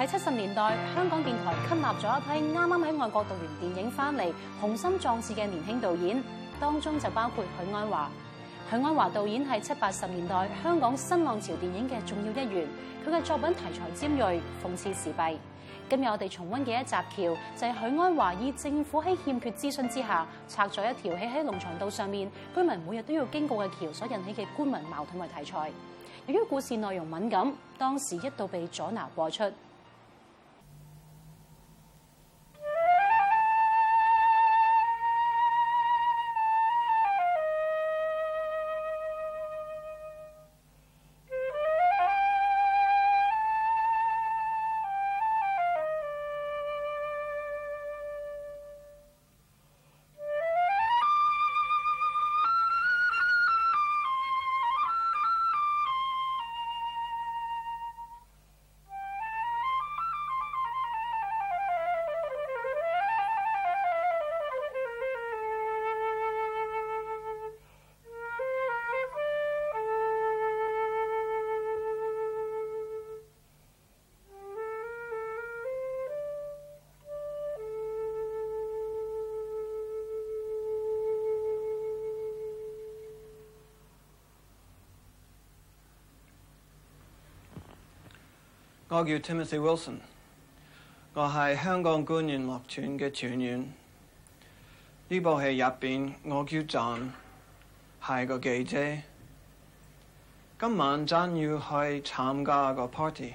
喺七十年代，香港電台吸納咗一批啱啱喺外國讀完電影翻嚟，雄心壯志嘅年輕導演，當中就包括許鞍華。許鞍華導演係七八十年代香港新浪潮電影嘅重要一員，佢嘅作品題材尖銳，諷刺時弊。今日我哋重溫嘅一集橋，就係、是、許鞍華以政府喺欠缺諮詢之下拆咗一條起喺龍翔道上面居民每日都要經過嘅橋所引起嘅官民矛盾為題材。由於故事內容敏感，當時一度被阻撓播出。我叫 Timothy Wilson，我係香港官員樂團嘅團員。呢部戲入面，我叫 John，係個記者。今晚 John 要去參加一個 party。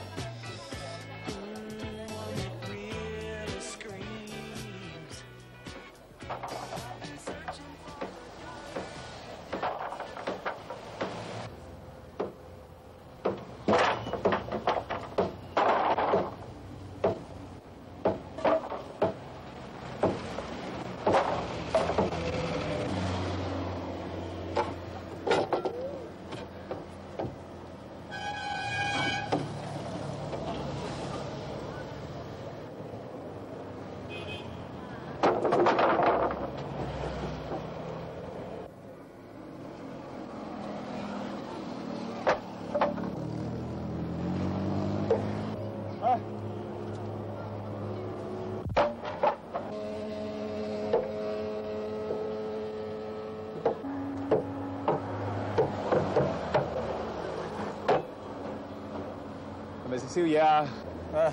宵夜啊！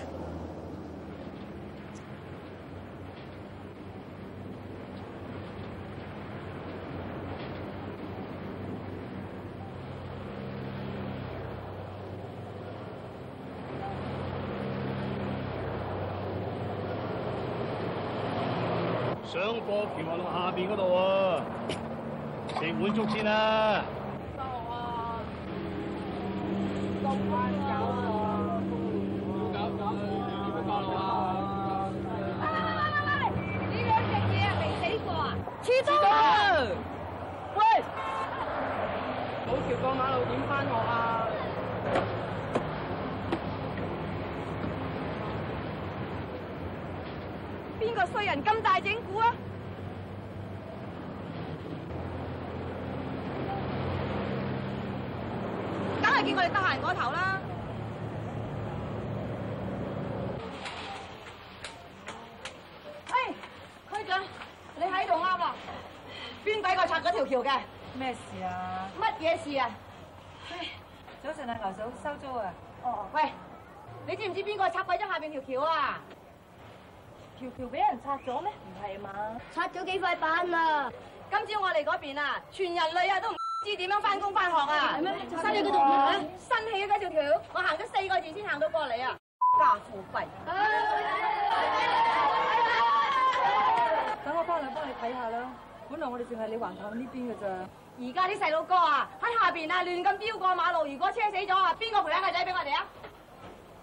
知唔知邊個拆鬼咗下邊條橋啊？條橋俾人拆咗咩？唔係嘛？拆咗幾塊板啊！今朝我嚟嗰邊啊，全人類啊都唔知點樣翻工翻學啊！嗎新起嗰條橋，啊、新起嗰條橋，我行咗四個字先行到過嚟啊！家富貴。等我翻嚟幫你睇下啦。本來我哋淨係你橫巷呢邊㗎咋。而家啲細路哥啊，喺下邊啊亂咁飆過馬路。如果車死咗啊，邊個賠翻個仔俾我哋啊？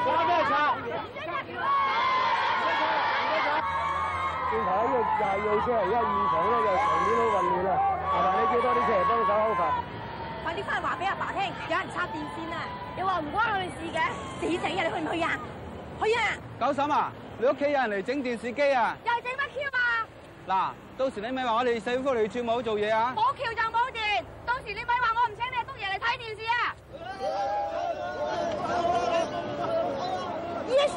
做咩拆？唔得拆，唔得拆！前台呢廿廿輛車而家現場咧，就場面都混亂啦。阿爸，你叫多啲車嚟幫手好快。快啲翻去話俾阿爸聽，有人拆電線啊！你話唔關我哋事嘅，死仔啊！Well. 你去唔去啊？去啊！九嬸啊，你屋企有人嚟整電視機啊？又係整乜 Q 啊？嗱，到時你咪話我哋四叔嚟住唔好做嘢啊！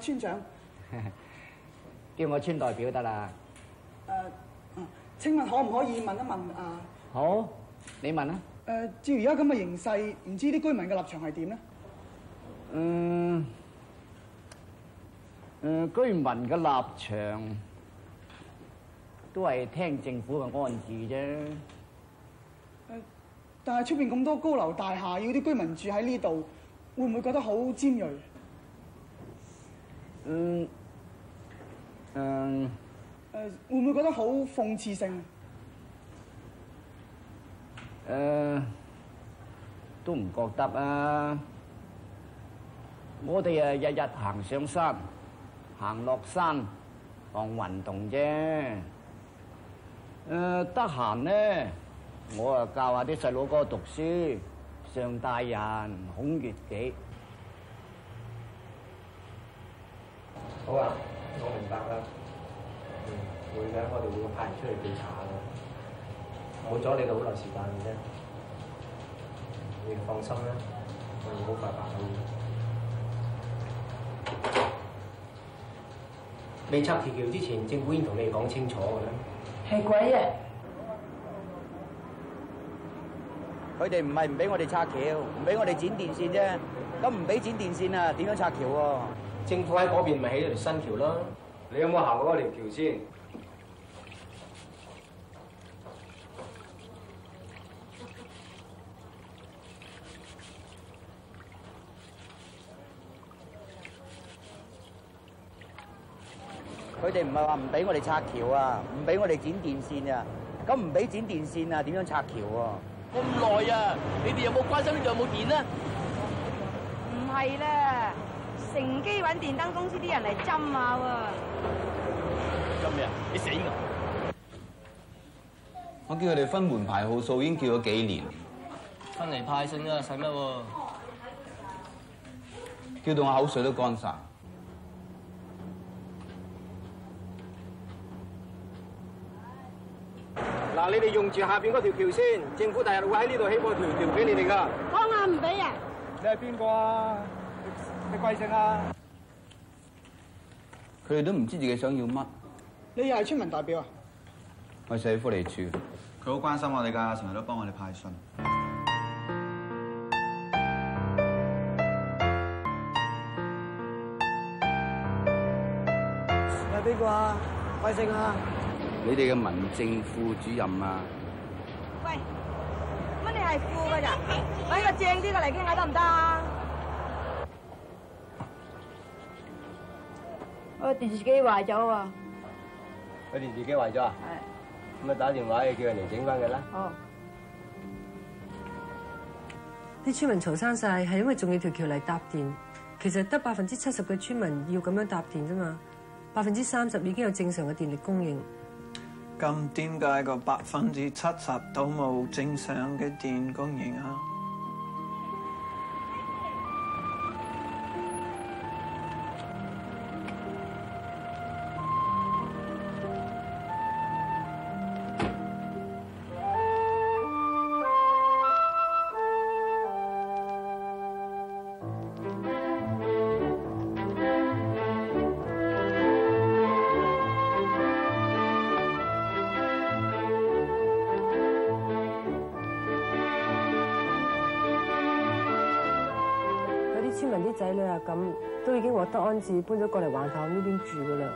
村長，叫我村代表得啦。誒，請問可唔可以問一問誒？好，你問啦。誒，照而家咁嘅形勢，唔知啲居民嘅立場係點呢？嗯，誒，居民嘅立場都係聽政府嘅安置啫。誒，但係出邊咁多高樓大廈，要啲居民住喺呢度，會唔會覺得好尖鋭？嗯，誒，誒會唔會覺得好諷刺性？誒，都唔覺得啊！我哋誒日日行上山，行落山，當運動啫。誒得閒呢，我啊教下啲細佬哥讀書，《上大人》《孔乙己》。好啊，我明白啦。嗯，我會嘅，我哋會派人出去檢查嘅，唔阻你哋好耐時間嘅啫。你放心啦，我哋好快辦到。未拆鐵橋之前，政府已經同你講清楚嘅啦。係鬼啊！佢哋唔係唔俾我哋拆橋，唔俾我哋剪電線啫。咁唔俾剪電線啊，點樣拆橋啊？政府喺嗰邊咪起條新橋咯？你有冇行過嗰條橋先？佢哋唔係話唔俾我哋拆橋啊，唔俾我哋剪電線啊？咁唔俾剪電線啊，點樣拆橋啊？咁耐啊！你哋有冇關心呢度有冇電啊？唔係咧。乘機揾電燈公司啲人嚟針下喎！今日你死我！我叫佢哋分門牌號數，已經叫咗幾年。分嚟派性啊，使乜？叫到我口水都乾晒。嗱，你哋用住下邊嗰條橋先，政府第日會喺呢度起過條橋俾你哋㗎。劏下唔俾人。你係邊個啊？你貴姓啊？佢哋都唔知自己想要乜。你又係村民代表啊？我係社福嚟住，佢好關心我哋噶，成日都幫我哋派信。係邊個啊？貴姓啊？你哋嘅民政副主任啊？喂，乜你係副噶咋？揾個正啲嘅嚟傾下得唔得啊？我電視機壞咗啊！佢電視機壞咗啊？係，咁咪打電話叫人嚟整翻佢啦。哦，啲村民嘈生晒，係因為仲要條橋嚟搭電，其實得百分之七十嘅村民要咁樣搭電啫嘛，百分之三十已經有正常嘅電力供應。咁點解個百分之七十都冇正常嘅電供應啊？咁都已經獲得安置，搬咗過嚟橫頭呢邊住噶啦。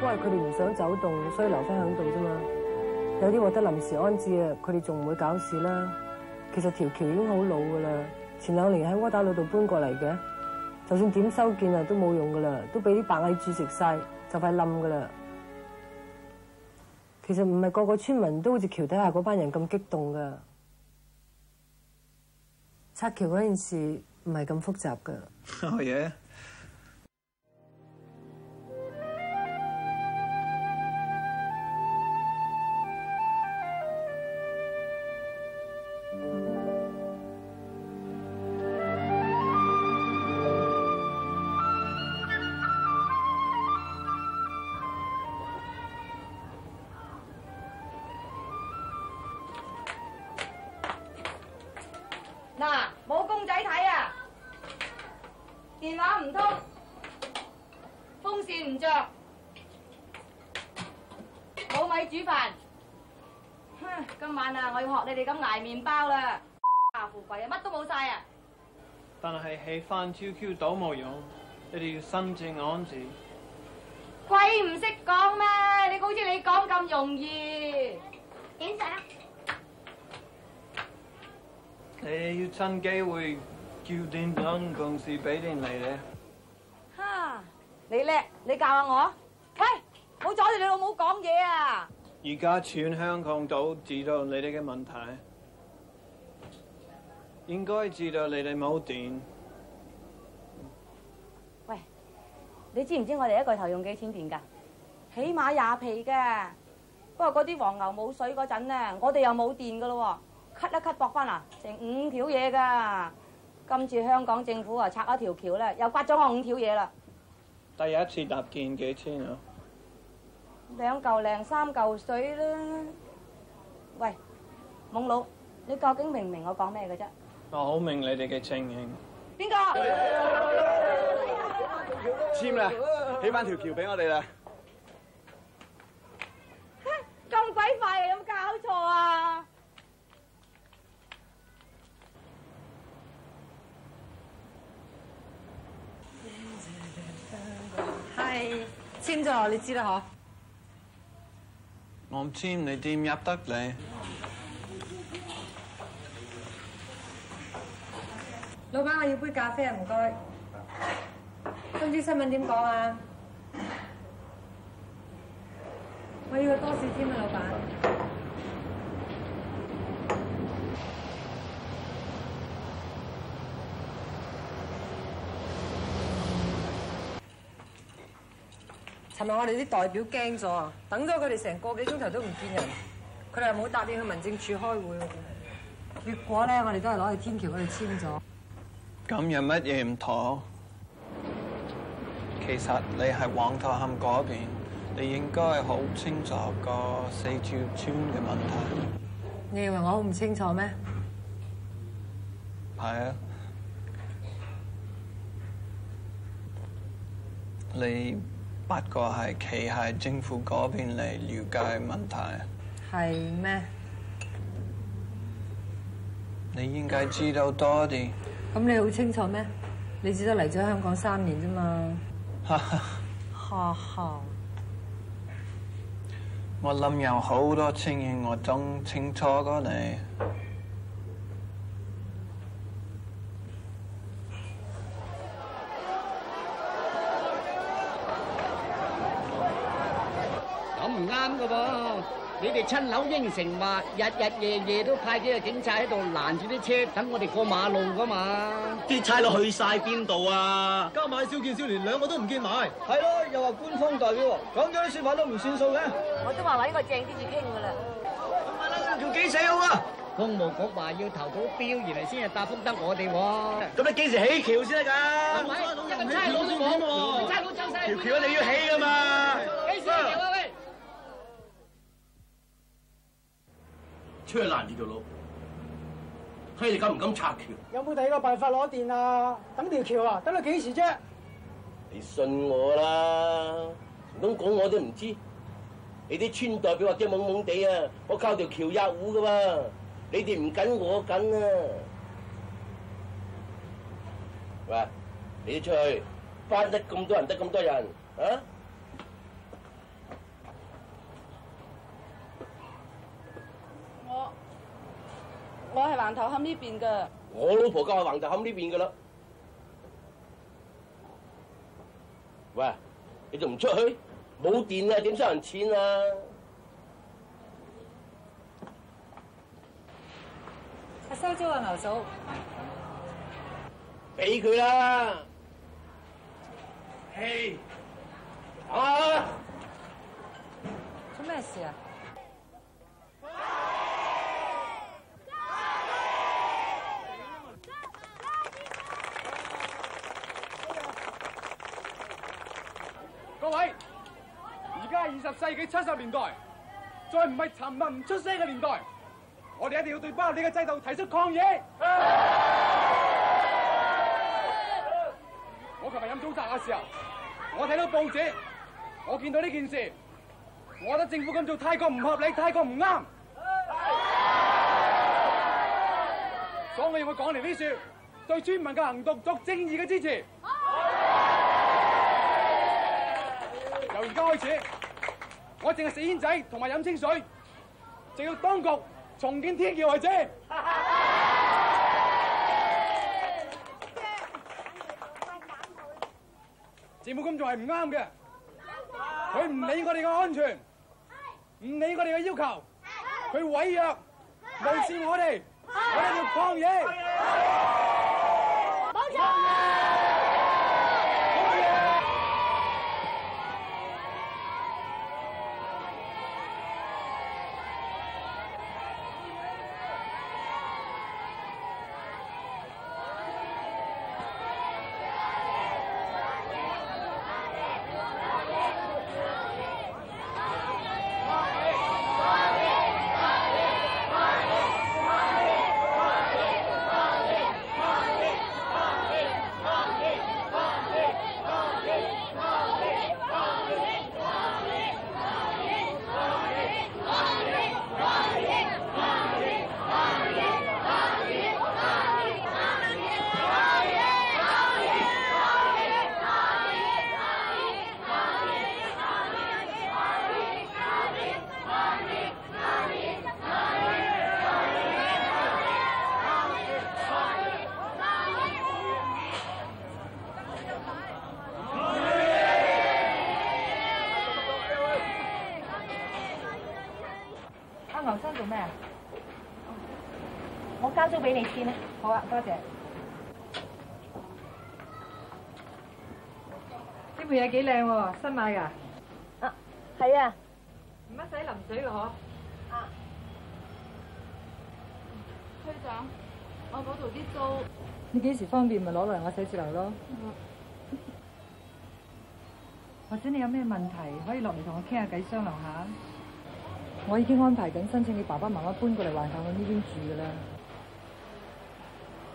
因為佢哋唔想走動，所以留翻響度啫嘛。有啲獲得臨時安置啊，佢哋仲唔會搞事啦。其實條橋已經好老噶啦，前兩年喺窩打路度搬過嚟嘅，就算點修建啊都冇用噶啦，都俾啲白蟻蛀食曬，就快冧噶啦。其實唔係個個村民都好似橋底下嗰班人咁激動噶。拆橋嗰件事唔係咁複雜㗎。煮飯，今晚啊，我要學你哋咁捱麵包啦！大富貴啊，乜都冇晒啊！但係喺翻 QQ 都冇用，你哋要心正安住。鬼唔識講咩？你好似你講咁容易。點食？你要趁機會叫電燈公司俾電你咧。哈，你叻，你教下我。喂，唔好阻住你老母講嘢啊！而家全香港都知道你哋嘅問題，應該知道你哋冇電。喂，你知唔知我哋一個頭用幾千電㗎？起碼廿皮㗎。不過嗰啲黃牛冇水嗰陣呢，我哋又冇電㗎咯。咳一咳搏翻啊，成五條嘢㗎。今次香港政府啊拆咗條橋咧，又刮咗我五條嘢啦。第一次搭建幾千啊？兩嚿零三嚿水啦！喂，懵佬，你究竟明唔明我講咩嘅啫？我好明你哋嘅情義。邊個？簽啦，起翻條橋俾我哋啦！嚇，咁鬼快有冇搞錯啊？係，簽咗你知啦，嗬。我唔知，你點入得嚟？老闆，我要杯咖啡，唔該。今朝新聞點講啊？我要個多士添啊，老闆。係咪我哋啲代表驚咗啊？等咗佢哋成個幾鐘頭都唔見人，佢哋又冇答應去民政處開會。結果咧，我哋都係攞去天橋嗰度簽咗。咁有乜嘢唔妥？其實你係橫頭墈嗰邊，你應該好清楚個四條村嘅問題。你以為我唔清楚咩？係啊，你。不過係，企喺政府嗰邊嚟了解問題。係咩？你應該知道多啲。咁你好清楚咩？你只得嚟咗香港三年啫嘛。哈哈。我諗有好多事情我都清楚過你。你哋親口應承話，日日夜夜都派幾個警察喺度攔住啲車，等我哋過馬路噶嘛？啲差佬去晒邊度啊？加埋少見少，連兩個都唔見埋，係咯？又話官方代表喎，講咗啲說話都唔算數嘅。我都話話呢個正啲嘢傾㗎啦。咁咪拉條橋死好啊？公務局話要投標，而嚟先係答覆得我哋喎。咁你幾時起橋先得㗎？老闆，老闆，老闆，老闆，老闆，老闆，老闆，老闆，老闆，老闆，老闆，老闆，老闆，老闆，老闆，老闆，老闆，老闆，老闆，老闆，老闆，老闆，老闆，老闆，老闆，老闆，老闆，出去攔住條路，睇你敢唔敢拆橋？有冇第二個辦法攞電啊？等條橋啊？等到幾時啫？你信我啦，唔通講我都唔知？你啲村代表或者懵懵地啊？我靠條橋入屋噶嘛？你哋唔緊我緊啊？喂，你出去，返得咁多人得咁多人，啊？我係橫頭墈呢邊嘅，我老婆家係橫頭墈呢邊嘅啦。喂，你就唔出去？冇電啊，點收人錢啊？收租啊，老蘇，俾佢啦。嘿，啊，做咩、欸啊、事啊？十世紀七十年代，再唔係沉默唔出聲嘅年代，我哋一定要對不合理嘅制度提出抗議。的我琴日飲早茶嘅時候，我睇到報紙，我見到呢件事，我覺得政府咁做太過唔合理，太過唔啱。的所以我會講嚟呢啲，對村民嘅行動作正義嘅支持。由而家開始。我淨係食煙仔同埋飲清水，直到當局重建天橋為止。政府工作係唔啱嘅，佢唔理我哋嘅安全，唔理我哋嘅要求，佢毀約，無視我哋，我哋要抗議。都俾你先啦。啊，好啊，多謝。呢盆嘢幾靚喎，新買噶？啊，係啊，唔使淋水嘅嗬。啊。區長，我嗰度啲租，你幾時方便咪攞嚟我寫字樓咯？或者，嗯，你有咩問題可以落嚟同我傾下偈，商量下。我已經安排緊申請你爸爸媽媽搬過嚟橫頭墈我呢邊住噶啦。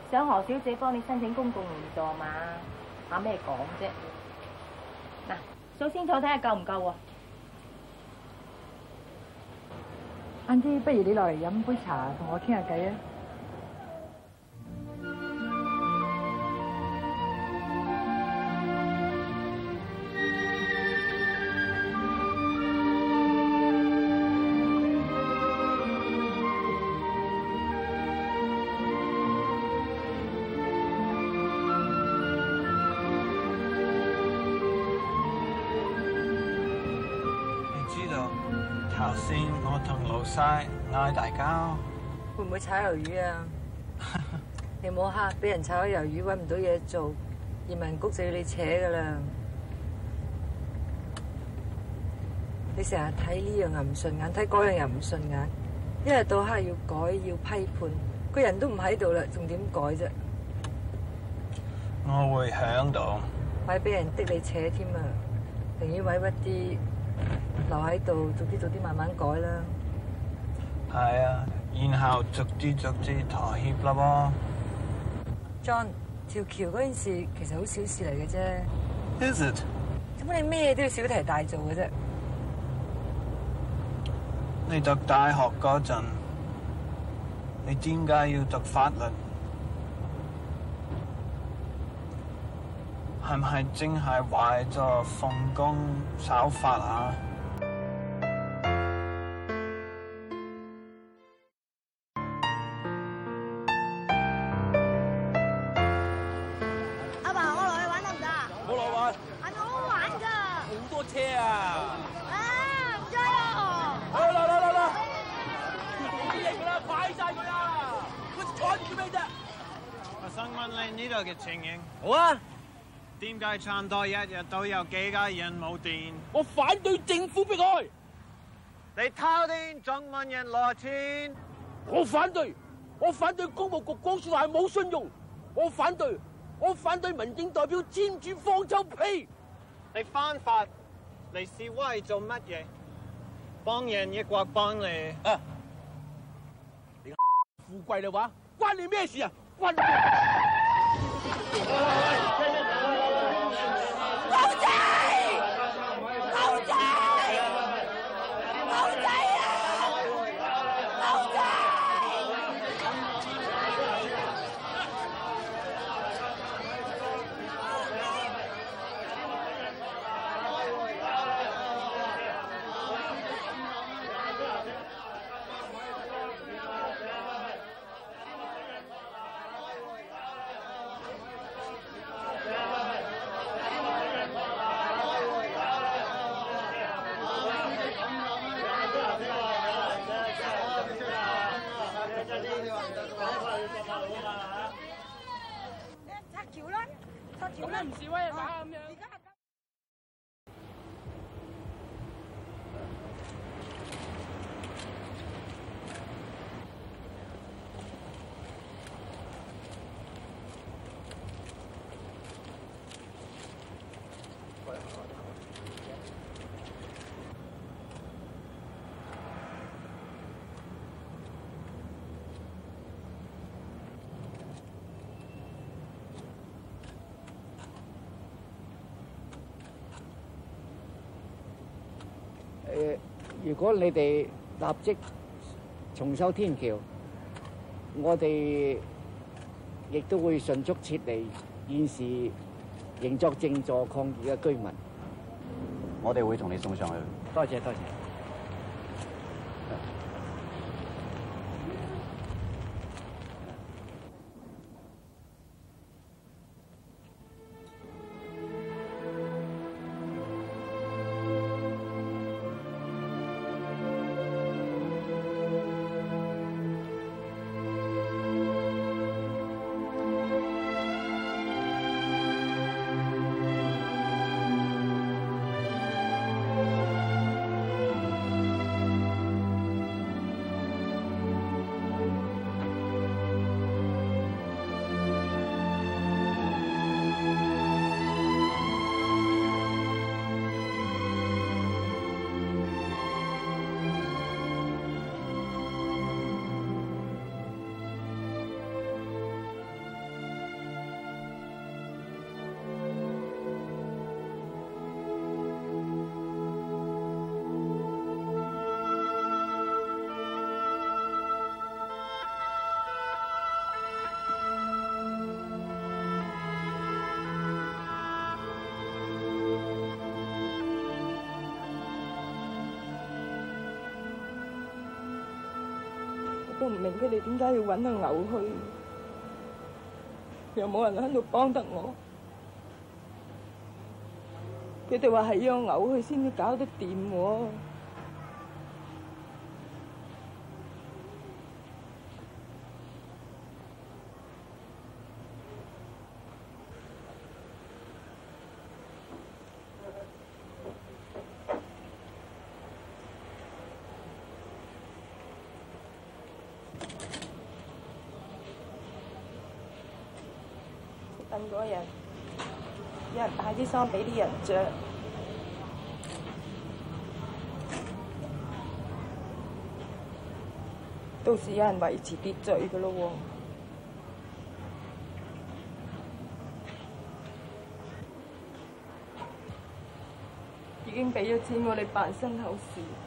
想何小姐幫你申請公共援助嘛？怕咩講啫？嗱，數清楚睇下夠唔夠喎，啊？晏啲不如你落嚟飲杯茶，同我傾下偈啊！頭先，我同老細嗌大交。會唔會炒魷魚啊？你唔好蝦，俾人炒咗魷魚，搵唔到嘢做，移民局就要你扯噶啦。你成日睇呢樣又唔順眼，睇嗰樣又唔順眼，一日到黑要改要批判，個人都唔喺度啦，仲點改啫？我會響度。咪俾人逼你扯添啊，等於委屈啲。留喺度，逐啲逐啲慢慢改啦。係啊，然後逐啲逐啲妥協啦噃。John，條橋嗰件事其實好小事嚟嘅啫。Is it？咁你咩都要小題大做嘅啫。你讀大學嗰陣，你點解要讀法律？係唔係淨係為咗奉公守法啊？我想住問你呢度嘅情形。好啊，點解差唔多一日都有幾家人冇電？我反對政府迫害，你偷天藏萬人羅遷。我反對，我反對公務局講說話係冇信用。我反對，我反對民政代表佔住放臭屁！你翻法嚟示威做乜嘢？幫人抑或幫你。貴嘅話，關你咩事啊？關你如果你哋立即重修天橋，我哋亦都會迅速撤離現時仍作正坐抗議嘅居民。我哋會同你送上去。多謝多謝。謝謝。唔明佢哋點解要揾佢咬去，又冇人喺度幫得我。佢哋話係要去才我去先至搞得掂喎。啲衫俾啲人着，到時有人維持秩序㗎囉喎，已經俾咗錢我哋辦身後事。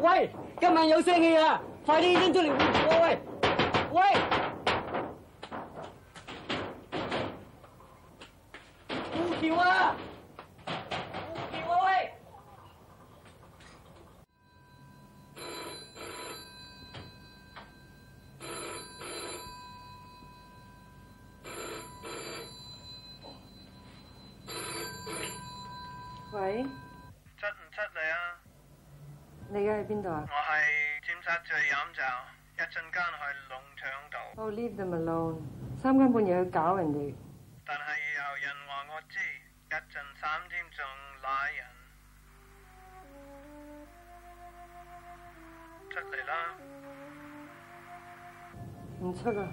喂，今晚有聲氣啊？快啲拎出來！喂。我係尖沙咀飲酒，一陣間去農場度。Oh leave them alone！三更半夜去搞人哋。但係有人話我知，一陣三點鐘拉人。出嚟啦！唔出啊！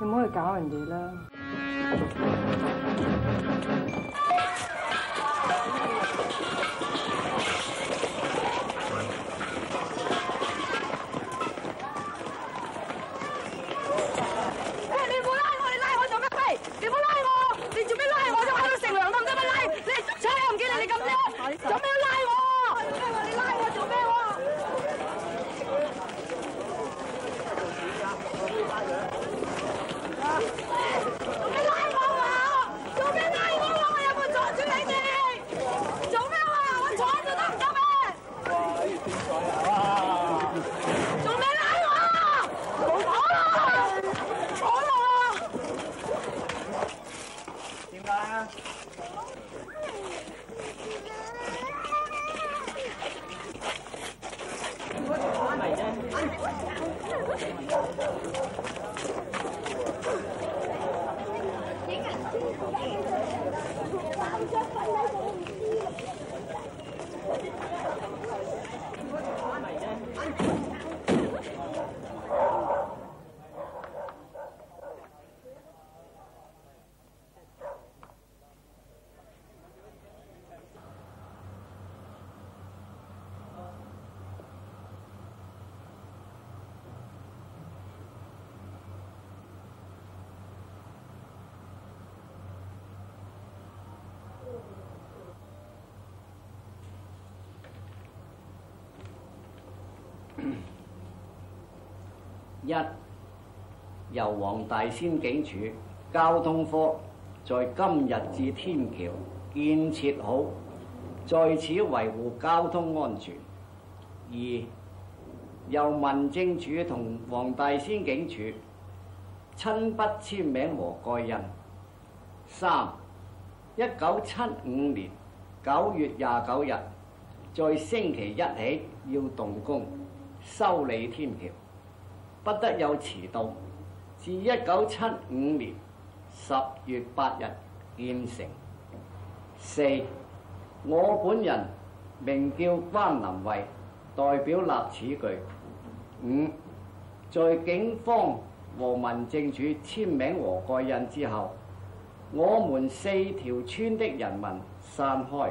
你唔好去搞人哋啦！一，由黃大仙警署交通科在今日至天橋建設好，在此維護交通安全。二，由民政署同黃大仙警署親筆簽名和蓋印。三一九七五年九月廿九日，在星期一起要動工修理天橋。不得有遲到。自一九七五年十月八日建成。四，我本人名叫關林慧，代表立此舉。五，在警方和民政署簽名和蓋印之後，我們四條村的人民散開。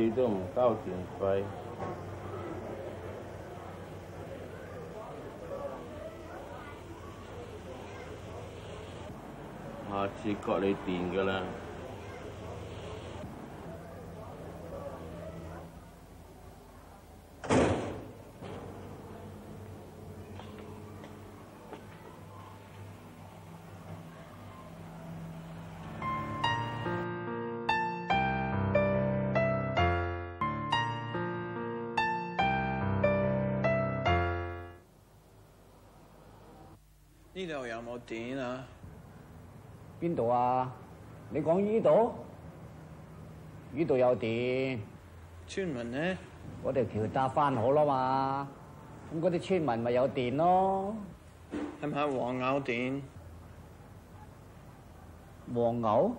你都唔搞掂，快！下次割你電噶啦！呢度有冇電啊？邊度啊？你講呢度？呢度有電。村民咧？我條橋搭翻好啦嘛，咁嗰啲村民咪有電咯。係咪黃牛電？黃牛？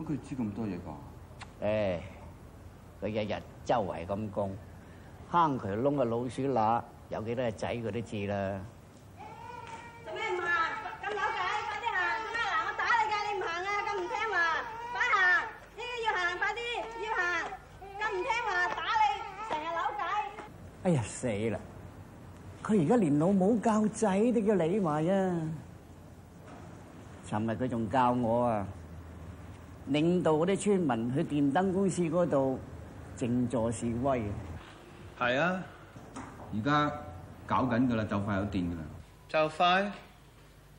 乜佢知咁多嘢噶？誒，佢日日周圍咁講，坑渠窿嘅老鼠乸有幾多隻仔，佢都知啦。哎呀死啦！佢而家連老母教仔都要理埋啊！尋日佢仲教我啊，領導嗰啲村民去電燈公司嗰度靜坐示威。係啊，而家搞緊噶啦，就快有電噶啦。就快？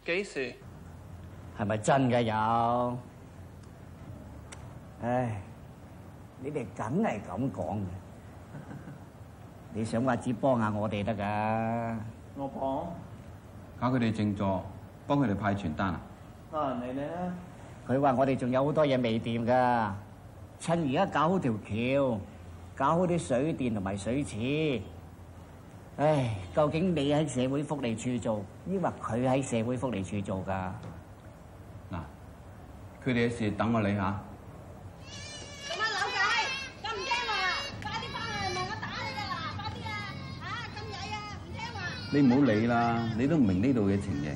幾時？係咪真噶有？唉，你哋梗係咁講嘅。你想話只幫下我哋得㗎？我講搞佢哋靜坐，幫佢哋派傳單啊！啊，你咧？佢話我哋仲有好多嘢未掂㗎，趁而家搞好條橋，搞好啲水電同埋水池。唉，究竟你喺社會福利處做，抑或佢喺社會福利處做㗎？嗱，佢哋嘅事等我理下。你唔好理啦，你都唔明呢度嘅情形。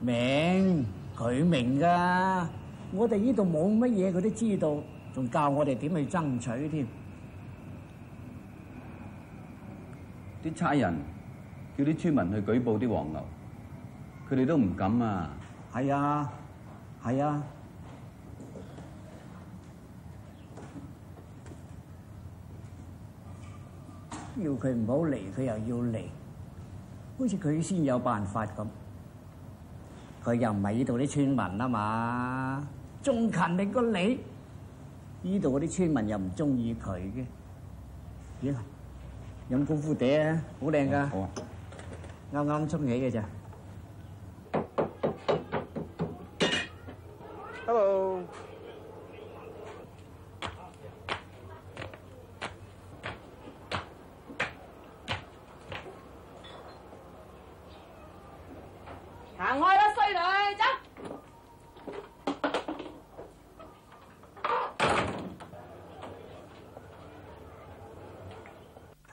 明，佢明㗎。我哋呢度冇乜嘢，佢都知道，仲教我哋點去爭取添。啲差人叫啲村民去舉報啲黃牛，佢哋都唔敢啊。係啊，係啊。要佢唔好嚟，佢又要嚟。好似佢先有辦法咁，佢又唔係呢度啲村民啊嘛，仲勤力過你。呢度嗰啲村民又唔中意佢嘅。咦，飲功夫茶啊，好靚噶，啱啱沖起嘅咋。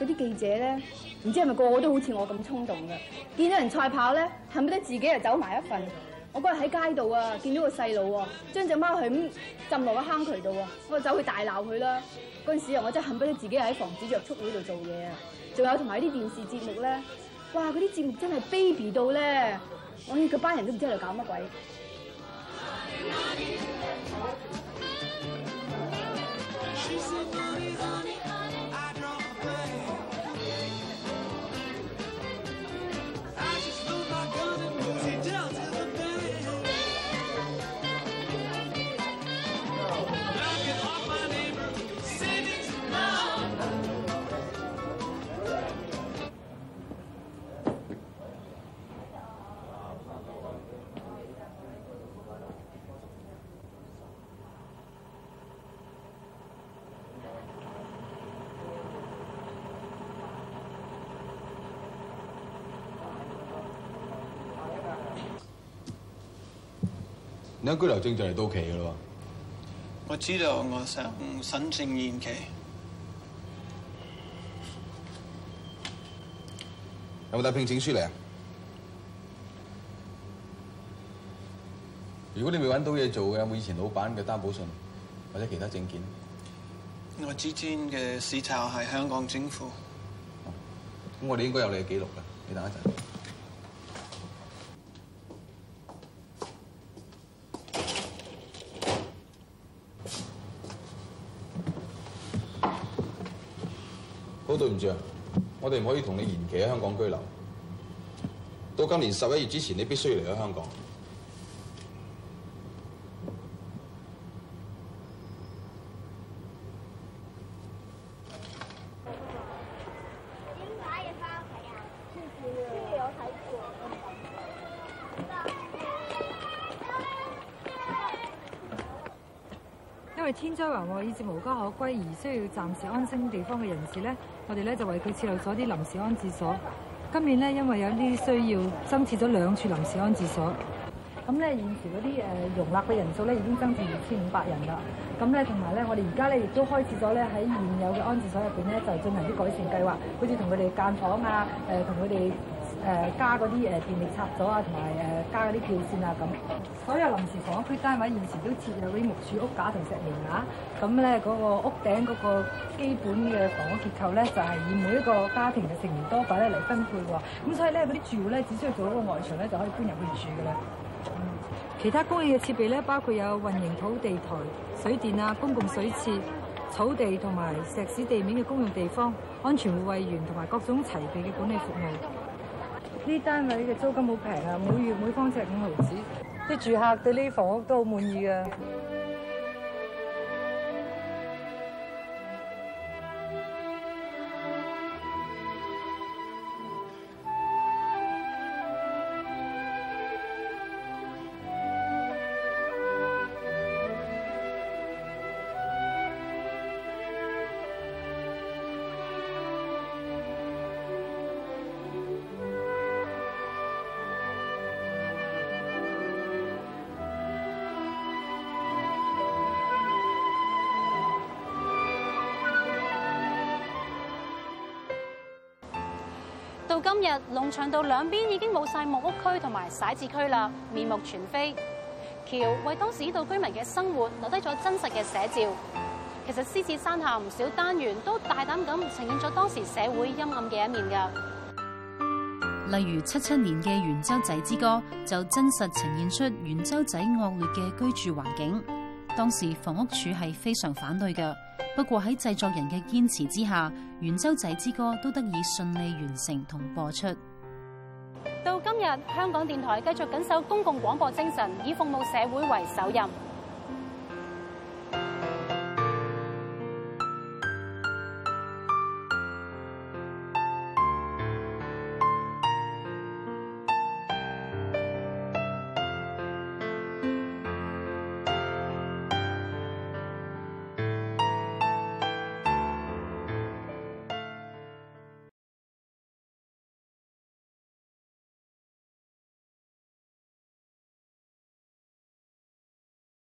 嗰啲記者咧，唔知係咪個個都好似我咁衝動嘅，見到人賽跑咧，恨不得自己又走埋一份我在、啊一啊在在啊。我嗰日喺街度啊，見到個細路喎，將隻貓係咁浸落個坑渠度喎，我就走去大鬧佢啦。嗰陣時啊，我真係恨不得自己喺防止虐畜會度做嘢啊。仲有同埋啲電視節目咧，哇！嗰啲節目真係卑鄙到咧，我嗰班人都唔知喺度搞乜鬼、啊。你嘅居留證就嚟到期嘅咯喎！我知道，我想申請延期。有冇帶聘請書嚟啊？如果你未揾到嘢做嘅，有冇以前老闆嘅擔保信或者其他證件？我之前嘅視察係香港政府。咁我哋應該有你嘅記錄啦，你等一陣。我哋唔可以同你延期喺香港居留，到今年十一月之前，你必須要離開香港。因為天災橫禍以至無家可歸而需要暫時安心地方嘅人士呢我哋咧就為佢設立咗啲臨時安置所。今年咧，因為有啲需要，增設咗兩處臨時安置所。咁咧，現時嗰啲誒容納嘅人數咧，已經增至二千五百人啦。咁咧，同埋咧，我哋而家咧亦都開始咗咧喺現有嘅安置所入面咧，就進行啲改善計劃，好似同佢哋間房啊，誒，同佢哋。誒、呃、加嗰啲電力插座啊，同埋誒加嗰啲票線啊，咁所有臨時房屋區單位現時都設有嗰啲木柱屋架同石棉瓦。咁咧嗰個屋頂嗰個基本嘅房屋結構咧，就係、是、以每一個家庭嘅成員多寡咧嚟分配喎。咁所以咧嗰啲住戶咧只需要做一個外牆咧就可以搬入去住噶啦。其他公寓嘅設備咧，包括有運營土地台、水電啊、公共水廁、草地同埋石屎地面嘅公用地方、安全護衛員同埋各種齊備嘅管理服務。呢單位嘅租金好平啊，每月每方尺五毫紙，啲住客對呢啲房屋都好滿意啊！今日龍翔道兩邊已經冇晒木屋區同埋徙置區啦，面目全非。橋為當時呢度居民嘅生活留低咗真實嘅寫照。其實獅子山下唔少單元都大膽咁呈現咗當時社會陰暗嘅一面㗎。例如七七年嘅《元洲仔之歌》就真實呈現出元洲仔惡劣嘅居住環境。當時房屋署係非常反對嘅。不過喺製作人嘅堅持之下，《圓洲仔之歌》都得以順利完成同播出。到今日，香港電台繼續緊守公共廣播精神，以服務社會為首任。